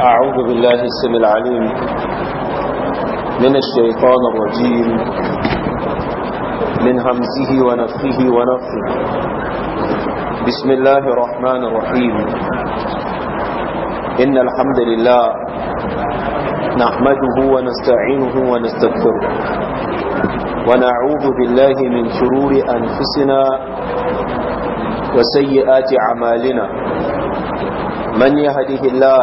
أعوذ بالله السم العليم من الشيطان الرجيم من همزه ونفه ونفه بسم الله الرحمن الرحيم إن الحمد لله نحمده ونستعينه ونستغفره ونعوذ بالله من شرور أنفسنا وسيئات عمالنا من يهده الله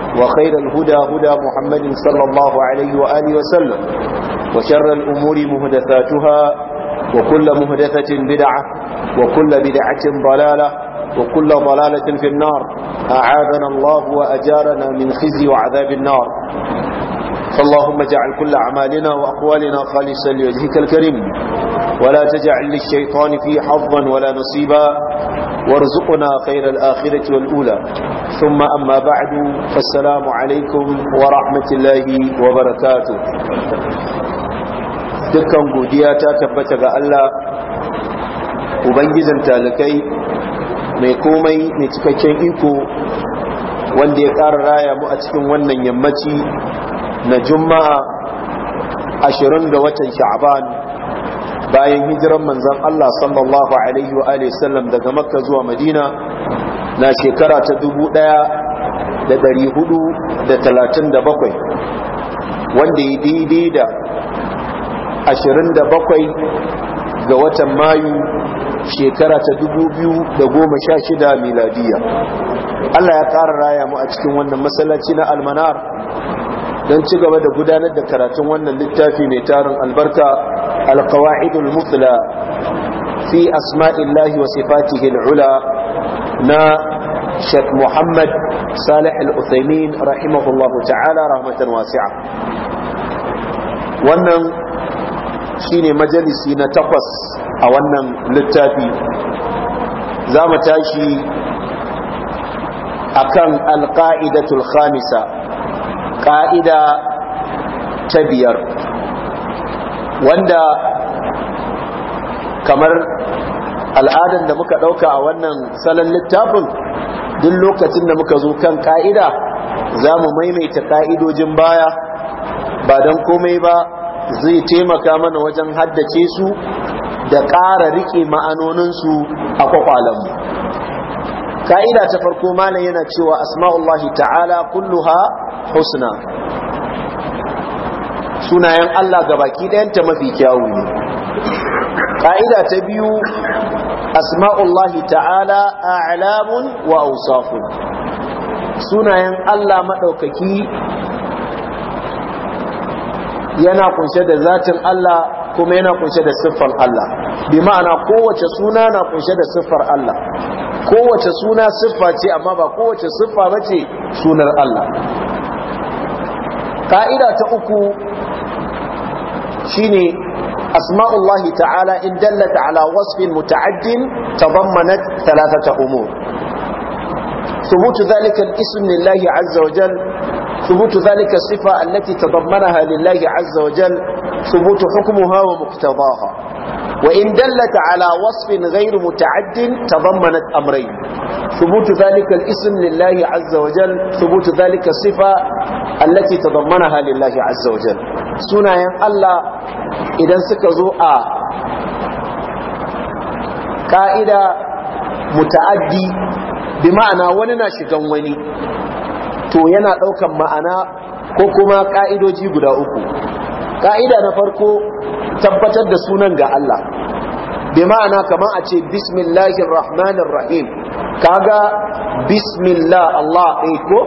وخير الهدى هدى محمد صلى الله عليه وآله وسلم وشر الأمور مهدثاتها وكل مهدثة بدعة وكل بدعة ضلالة وكل ضلالة في النار أعاذنا الله وأجارنا من خزي وعذاب النار فاللهم اجعل كل أعمالنا وأقوالنا خالصا لوجهك الكريم ولا تجعل للشيطان فيه حظا ولا نصيبا وارزقنا خير الآخرة والأولى ثم أما بعد فالسلام عليكم ورحمة الله وبركاته dukkan godiya ta tabbata ga Allah ubangijin talakai mai komai mai cikakken iko wanda ya ƙara raya mu a cikin wannan yammaci na juma'a ashirin ga watan sha'ban bayan hijiran manzon Allah sallallahu alaihi wa sallam daga makka zuwa madina na shekara ta 1437 wanda ya daidai da 27 ga watan mayu shekara ta 2016 miladiya Allah ya ƙara raya mu a cikin wannan masallaci na almanar don ci gaba da gudanar da karatun wannan littafi mai tarin albarka القواعد المثلى في أسماء الله وصفاته العلى نا شيخ محمد صالح الأثيمين رحمه الله تعالى رحمة واسعة wannan shine majalisi na takwas a wannan littafi za mu tashi akan alƙa'idatul khamisa ƙa'ida ta biyar wanda kamar al'adan da muka ɗauka a wannan salon littafin duk lokacin da muka zo kan ƙa'ida za mu maimaita ƙa'idojin baya ba don komai ba zai taimaka mana wajen haddace su da ƙara riƙe ma'anoninsu a mu ƙa'ida ta farko malam yana cewa asma'ullahi ta'ala kulluha husna sunayen Allah ga baki ɗayanta mafi kyawu ne ƙa'ida ta biyu asma'ullahi ta'ala a a'lamun wa ausafun sunayen Allah maɗaukaki yana kunshe da zatin Allah kuma yana kunshe da siffar Allah bi ma'ana kowace suna na kunshe da siffar Allah kowace suna siffa ce amma ba kowace siffa ba ce sunar Allah ƙa'ida ta uku shine asma'ullahi ta'ala in dallata ala wasfin muta'addin tadammanat thalathata umur ثبوت ذلك الاسم لله عز وجل ثبوت ذلك الصفة التي تضمنها لله عز وجل ثبوت حكمها ومقتضاها وإن دلت على وصف غير متعد تضمنت أمرين ثبوت ذلك الاسم لله عز وجل ثبوت ذلك الصفة التي تضمنها لله عز وجل sunayen Allah idan suka zo a ƙa'ida muta'addi bi ma'ana wani na shigan wani to yana ɗaukan ma'ana ko kuma ƙa'idoji guda uku ƙa'ida na farko tabbatar da sunan ga Allah bi ma'ana kamar a ce bismillahir rahmanir rahim kaga bismillah Allah ɗai ko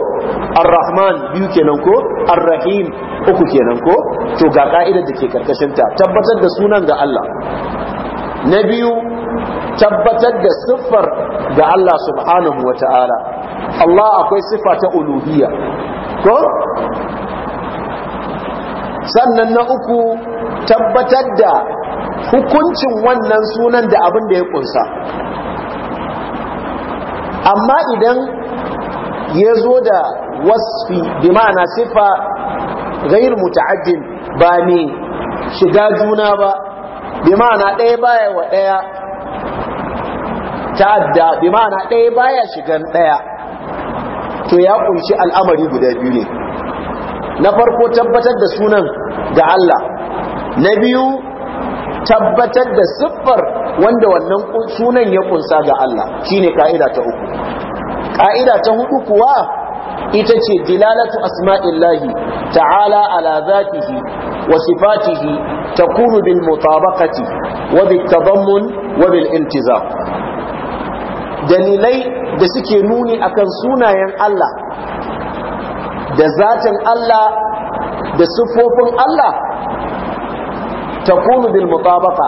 ar-rahman biyu kenan ko ar-rahim uku kenan ko to ga ka'idar da ke karkashin ta tabbatar da sunan ga Allah na biyu tabbatar da siffar ga Allah subhanahu wa ta'ala Allah akwai siffa ta uluhiyya ko sannan na uku tabbatar da hukuncin wannan sunan da abin da ya kunsa amma idan ya zo da wasfi bi ma'ana sifa. غير متعد باني شجا جونا با بمعنى ɗaya baya wa ɗaya ta'adda bima'ana ɗaya baya shigan ɗaya to ya kunshi al'amari guda biyu ne na farko tabbatar da sunan ga Allah na biyu tabbatar da siffar wanda wannan sunan ya kunsa ga Allah shine ka'ida ta uku ka'ida ta hudu kuwa ita ce dilalatu asma'illahi ta'ala ala zatihi wa sifatihi takunu bil mutabaqati wa bil tadammun wa bil iltizam dalilai da suke nuni akan sunayen Allah da zatin Allah da siffofin Allah takunu bil mutabaqa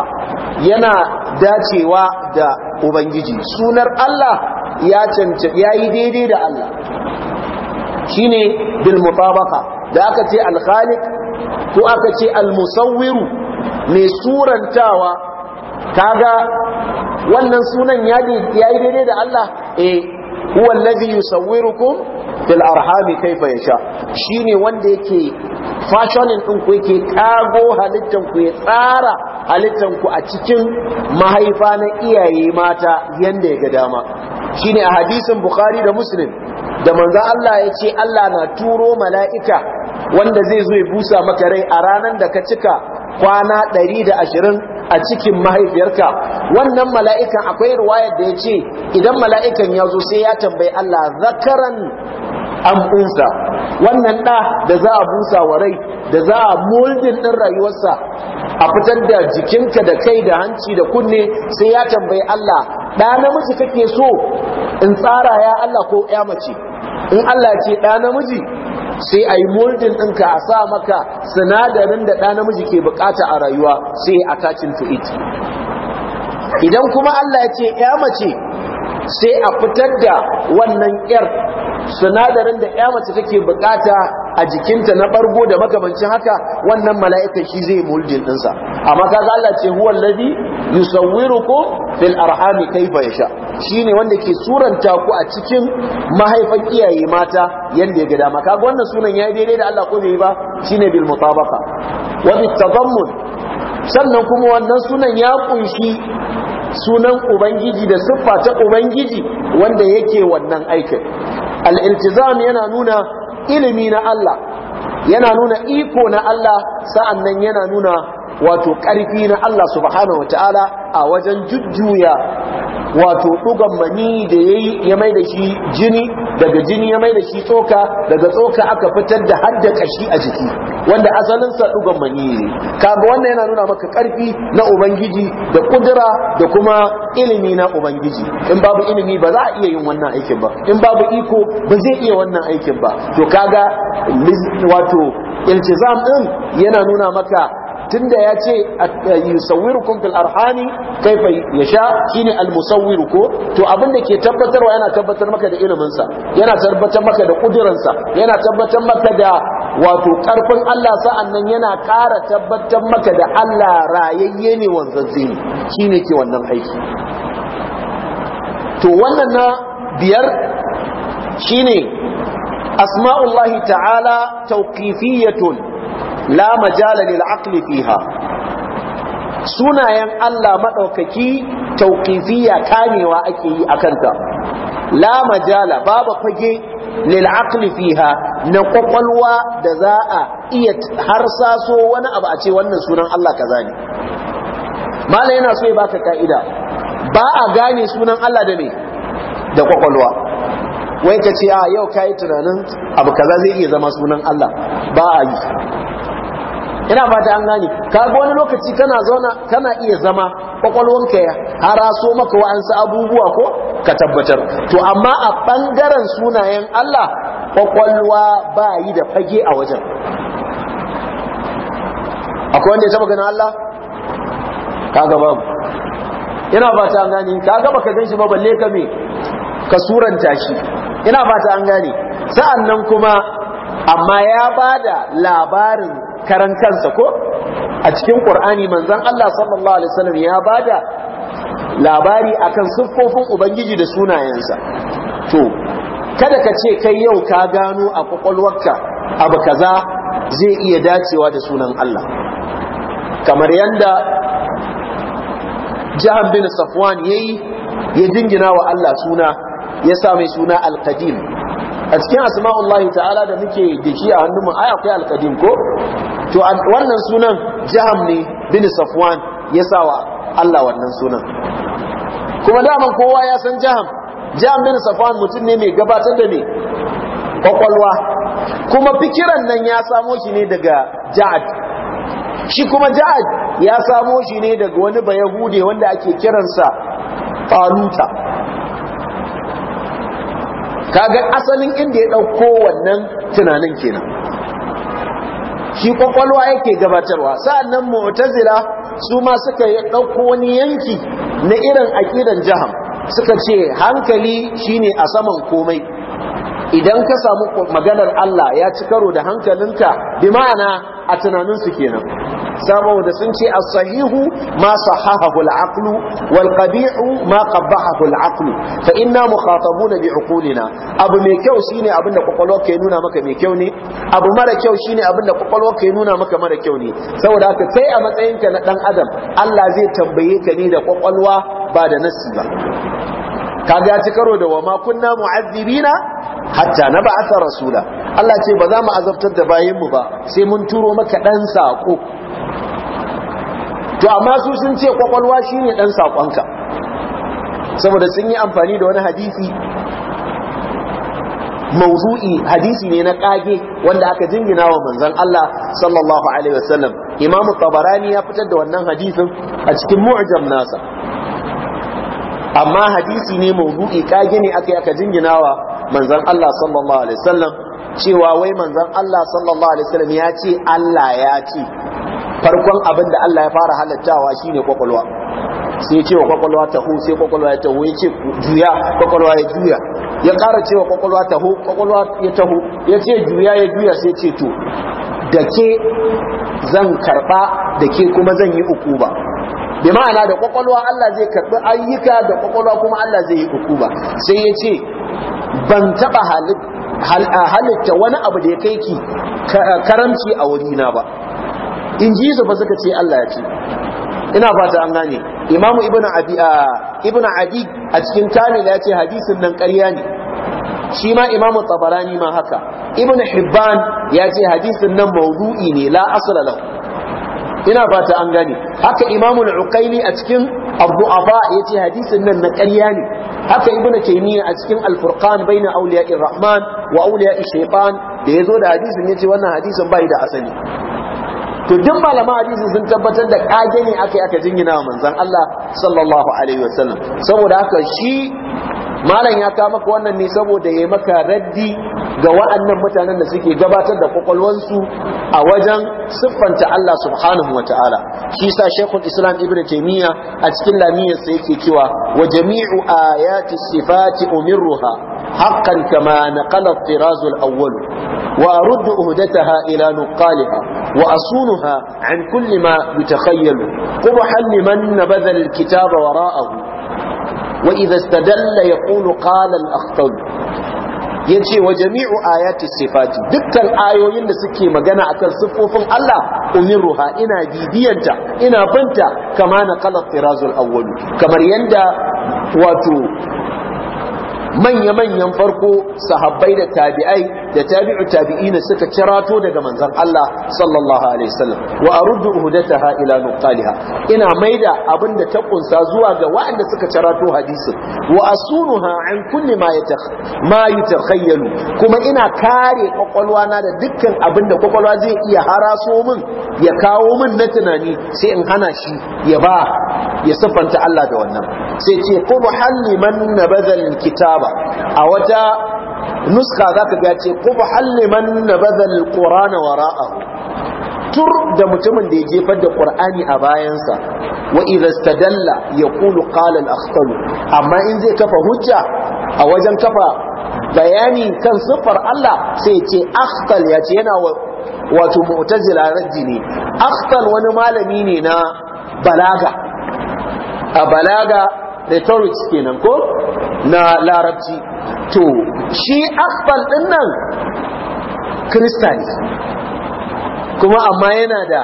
yana dacewa da ubangiji sunar Allah ya cancanta yayi daidai da Allah shine bil mutabaqa da aka ce al khaliq ko aka ce al musawwiru mai surantawa kaga wannan sunan ya yi daidai da Allah eh huwa allazi yusawwirukum fil arhami kaifa yasha shine wanda yake fashionin din ku yake kago halittan ya tsara halittan ku a cikin mahaifa na iyaye mata yanda ya ga dama shine a hadisin bukhari da muslim da manzan Allah ya ce Allah na turo mala'ika wanda zai zo ya busa maka rai a ranar da ka cika kwana 120 a cikin mahaifiyarka wannan mala'ikan akwai ruwayar da ya ce idan mala'ikan ya zo sai ya tambayi Allah zakaran an wannan ɗa da za a busa wa rai da za a moldin ɗin rayuwarsa a fitar da jikinka da kai da hanci da kunne sai ya tambayi Allah ɗa namiji kake so in tsara ya Allah ko ya mace in Allah ce ɗa namiji sai a yi moldin ɗinka a sa maka sinadarin da ɗa namiji ke bukata a rayuwa sai a tacin to it idan kuma Allah ya ce ya mace sai a fitar da wannan yar sinadarin da ya mace take bukata a jikinta na ɓargo da makamancin haka wannan mala'ikan shi zai moldin ɗinsa amma kaza Allah ce huwa allazi ko fil arhami kai bai sha. shine wanda ke suranta ku a cikin mahaifan iyaye mata yanda ya ga dama kaga wannan sunan yayi daidai da Allah ko bai ba shine bil mutabaqa wa bit tadammun sannan kuma wannan sunan ya kunshi sunan ubangiji da siffa ta ubangiji wanda yake wannan aikin al-iltizam yana nuna ilimi na Allah yana nuna iko na Allah sa'annan yana nuna wato ƙarfi na Allah subhanahu wataala a wajen jujjuya wato dugan mani da ya yi ya mai da shi jini daga jini ya mai da shi tsoka daga tsoka aka fitar da har da kashi a jiki wanda asalinsa dugan mani ne kaga wannan yana nuna maka karfi na ubangiji da ƙudura da kuma ilimi na ubangiji in babu ilimi ba za a iya yin wannan aikin ba in babu iko ba zai iya wannan aikin ba to kaga wato iltizam din yana nuna maka tunda ya ce yusawwirukum arhani arhami kaifa yasha shine al musawwir ko to abin da ke tabbatarwa yana tabbatar maka da iliminsa, yana tabbatar maka da kudirin yana tabbatar maka da wato karfin Allah sa'annan yana ƙara tabbatar maka da Allah rayayye ne wanzanze ne ke wannan aiki to wannan na biyar shine asma'ullahi ta'ala tawqifiyatun la majala lil aqli fiha sunayen Allah madaukaki tauƙifiya kamewa ake yi akan ta la majala babu fage lil aqli fiha na kwakwalwa da za a iya harsaso wani abu a ce wannan sunan Allah kaza ne mala yana so ya baka ka'ida ba a gane sunan Allah da me da kwakwalwa wai ka ce a yau kayi tunanin abu kaza zai iya zama sunan Allah ba a yi ina ta an gani, kaga wani lokaci kana zauna kana iya zama kwakwalwanka ya haraso maka wa'ansu abubuwa ko ka tabbatar to amma a bangaren sunayen Allah kwakwalwa ba yi da fage a wajen akwai wanda ya taba gani Allah kaga babu ina ta an ka kaga baka ganshi ba balle ka me ka suranta shi ina ta an sa'an sa'annan kuma amma ya bada labarin karan kansa ko a cikin qur'ani manzon Allah sallallahu alaihi wasallam ya bada labari akan siffofin ubangiji da sunayensa to kada ka ce kai yau ka gano a kwakwalwarka abu kaza zai iya dacewa da sunan Allah kamar yanda Jahan bin Safwan yayi ya dingina wa Allah suna ya sa mai suna Al-Qadim a cikin asma'ullahi ta'ala da muke da shi a hannunmu ai akwai Al-Qadim ko to wannan sunan jiham ne bin safwan ya sa wa Allah wannan sunan kuma daman kowa ya san jiham jiham bin safwan mutum ne mai gabatar da ne kwakwalwa kuma fikiran nan ya samo shi ne daga ja'ad shi kuma ja'ad ya samo shi ne daga wani bayahude wanda ake kiransa faluta kaga asalin inda ya ɗauko wannan tunanin kenan shi kwakwalwa yake gabatarwa sa'annan mu'tazila su ma suka ɗauko wani yanki na irin aƙidan jaham suka ce hankali shine a saman komai idan ka samu maganar Allah ya ci karo da hankalinka bi ma'ana a tunaninsu kenan saboda sun ce as-sahihu ma sahahahu al-aqlu wal qabihu ma qabbahahu al-aqlu fa inna mukhatabuna bi uqulina abu mai kyau shine abin da kwakwalwa ke nuna maka mai kyau ne abu mara kyau shine abin da kwakwalwa ke nuna maka mara kyau ne saboda haka kai a matsayinka na dan adam Allah zai tambaye ka ne da kwakwalwa ba da nasi ba kaga ya ci karo da wa ma kunna mu'azzibina hatta nab'atha rasula Allah ce ba za mu azabtar da mu ba sai mun turo maka dan sako to amma su sun ce kwakwalwa shine dan saƙonka saboda sun yi amfani da wani hadisi mawzu'i hadisi ne na kage wanda aka jingina wa manzan Allah sallallahu alaihi wasallam imamu tabarani ya fitar da wannan hadisin a cikin mu'ajam nasa amma hadisi ne mawdu'i kage ne aka yi aka jingina wa manzan Allah sallallahu alaihi wasallam cewa wai manzan Allah sallallahu alaihi wasallam ya ce Allah ya ce farkon abin da Allah ya fara halattawa shine kwakwalwa sai cewa kwakwalwa taho sai kwakwalwa ya taho ya ce juya kwakwalwa ya juya ya ƙara cewa kwakwalwa taho kwakwalwa ya taho ya ce juya ya juya sai ce to da ke zan karɓa da ke kuma zan yi uku ba bi ma'ana da kwakwalwa Allah zai karɓi ayyuka da kwakwalwa kuma Allah zai yi uku ba sai ya ce ban taɓa halitta wani abu da ya kai ki karamci a wurina ba in ji su ba suka ce Allah ya ce ina fata an gane imamu ibn abi ibn adi a cikin kamil ya ce hadisin nan ƙarya ne shi ma imamu tabarani ma haka ibn hibban ya ce hadisin nan maudu'i ne la asla lahu ina fata an gane haka imamu al-uqayli a cikin Abu abdu'aba ya ce hadisin nan na ƙarya ne haka ibn taymiya a cikin al-furqan baina awliya'ir rahman wa awliya'ir shaytan da yazo da hadisin ya yace wannan hadisin bai da asali to duk malaman hadisi sun tabbatar da kage ne aka yi aka jingina wa manzon Allah sallallahu alaihi saboda haka shi malam ya kawo maka wannan ne saboda ya maka raddi ga wa'annan mutanen da suke gabatar da kwakwalwansu a wajen siffanta Allah subhanahu wa ta'ala shi sa shekul islam ibn taimiyya a cikin lamiyarsa yake cewa wa jami'u ayati sifati umirruha haqqan kama naqala tirazul awwal wa aruddu uhdataha ila nuqaliha وأصونها عن كل ما يتخيل قبحا لمن نبذ الكتاب وراءه وإذا استدل يقول قال الأخطل ينشي وجميع آيات الصفات دكت الآيو ينسكي مغنى أكل صفوف الله أمرها إنا جيدينتا إنا بنت كما نقل الطراز الأول كما يندى واتو manya-manyan farko sahabbai da tabi'ai da tabi'u tabi'ina suka cirato daga manzon Allah sallallahu alaihi wasallam wa aruddu uhdataha ila nuqaliha ina maida abin da ta kunsa zuwa ga waɗanda suka cirato hadisin wa asunuha an kulli ma yatakh ma yatakhayyalu kuma ina kare ƙwaƙwalwa na da dukkan abin da kwakwalwa zai iya haraso min ya kawo min na tunani sai in hana shi ya ba ya sifanta Allah da wannan sai ce ko liman nabadha kitaba ba a wata nuska za ka ga ce kuma halliman na bazal ƙorana wara'a tur da mutumin da ya jefar da ƙur'ani a bayansa wa idastadalla ya kulu ƙalal akhtalu amma in zai kafa hujja a wajen kafa bayani kan siffar Allah sai ce akhtal ya ce yana wato mu'tazila raddi ne akhtal wani malami ne na balaga a balaga rhetorics kenan ko na larabci to shi akhbal dinnan kirista ne. kuma amma yana da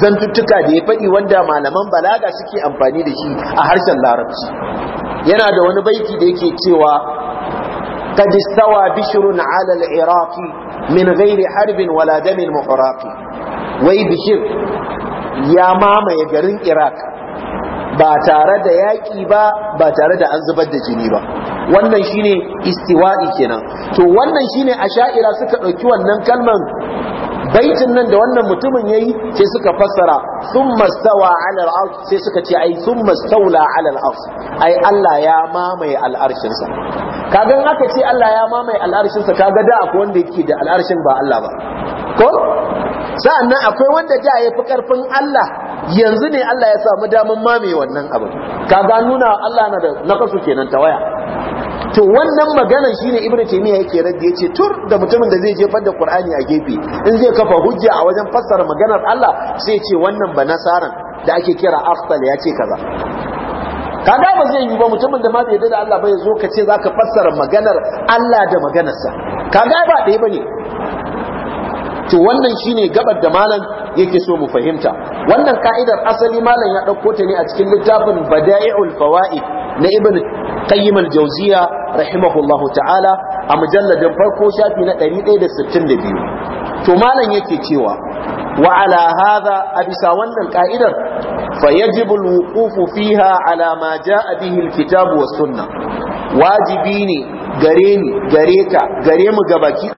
zantuttuka da ya faɗi wanda malaman balaga suke amfani da shi a harshen larabci yana da wani baiki da yake cewa قد استوى بشر على العراق gairi harbin wala ولا دم محراق Wai بشر ya mamaye garin iraq ba tare da yaƙi ba ba tare da an zubar da jini ba wannan shine istiwa'i kenan to wannan shine asha'ira suka ɗauki wannan kalman baitin nan da wannan mutumin yayi sai suka fassara thumma stawa ala al-arsh sai suka ce ai thumma stawla ala al-arsh ai Allah ya mamaye al-arshin sa kaga in aka ce Allah ya mamaye al-arshin sa kaga da akwai wanda yake da al-arshin ba Allah ba ko sa'annan akwai wanda da fi karfin Allah yanzu ne Allah ya samu damar mame wannan abu kaga nuna Allah na da nakasu kenan ta waya to wannan shi shine ibnu taymiya yake radda ce tur da mutumin da zai jefar da Kur'ani a gefe in zai kafa hujja a wajen fassara maganar Allah sai ce wannan ba nasaran da ake kira aftal yace kaza kaga ba zai yi ba mutumin da ma bai yarda da Allah ba ya zo ka ce zaka fassara maganar Allah da maganarsa kaga ba dai bane to wannan shine gabar da malam yake so mu fahimta wannan ka'idar asali malam ya ɗauko ta ne a cikin littafin bada'i'ul fawaid na ibn qayyim al-jawziya rahimahullahu ta'ala a mujalladin farko shafi na 162 to malam yake cewa wa ala hadha a bisa wannan ka'idar فيجب الوقوف فيها على ما جاء به الكتاب wajibi ne gare ni gare ka gare mu gabaki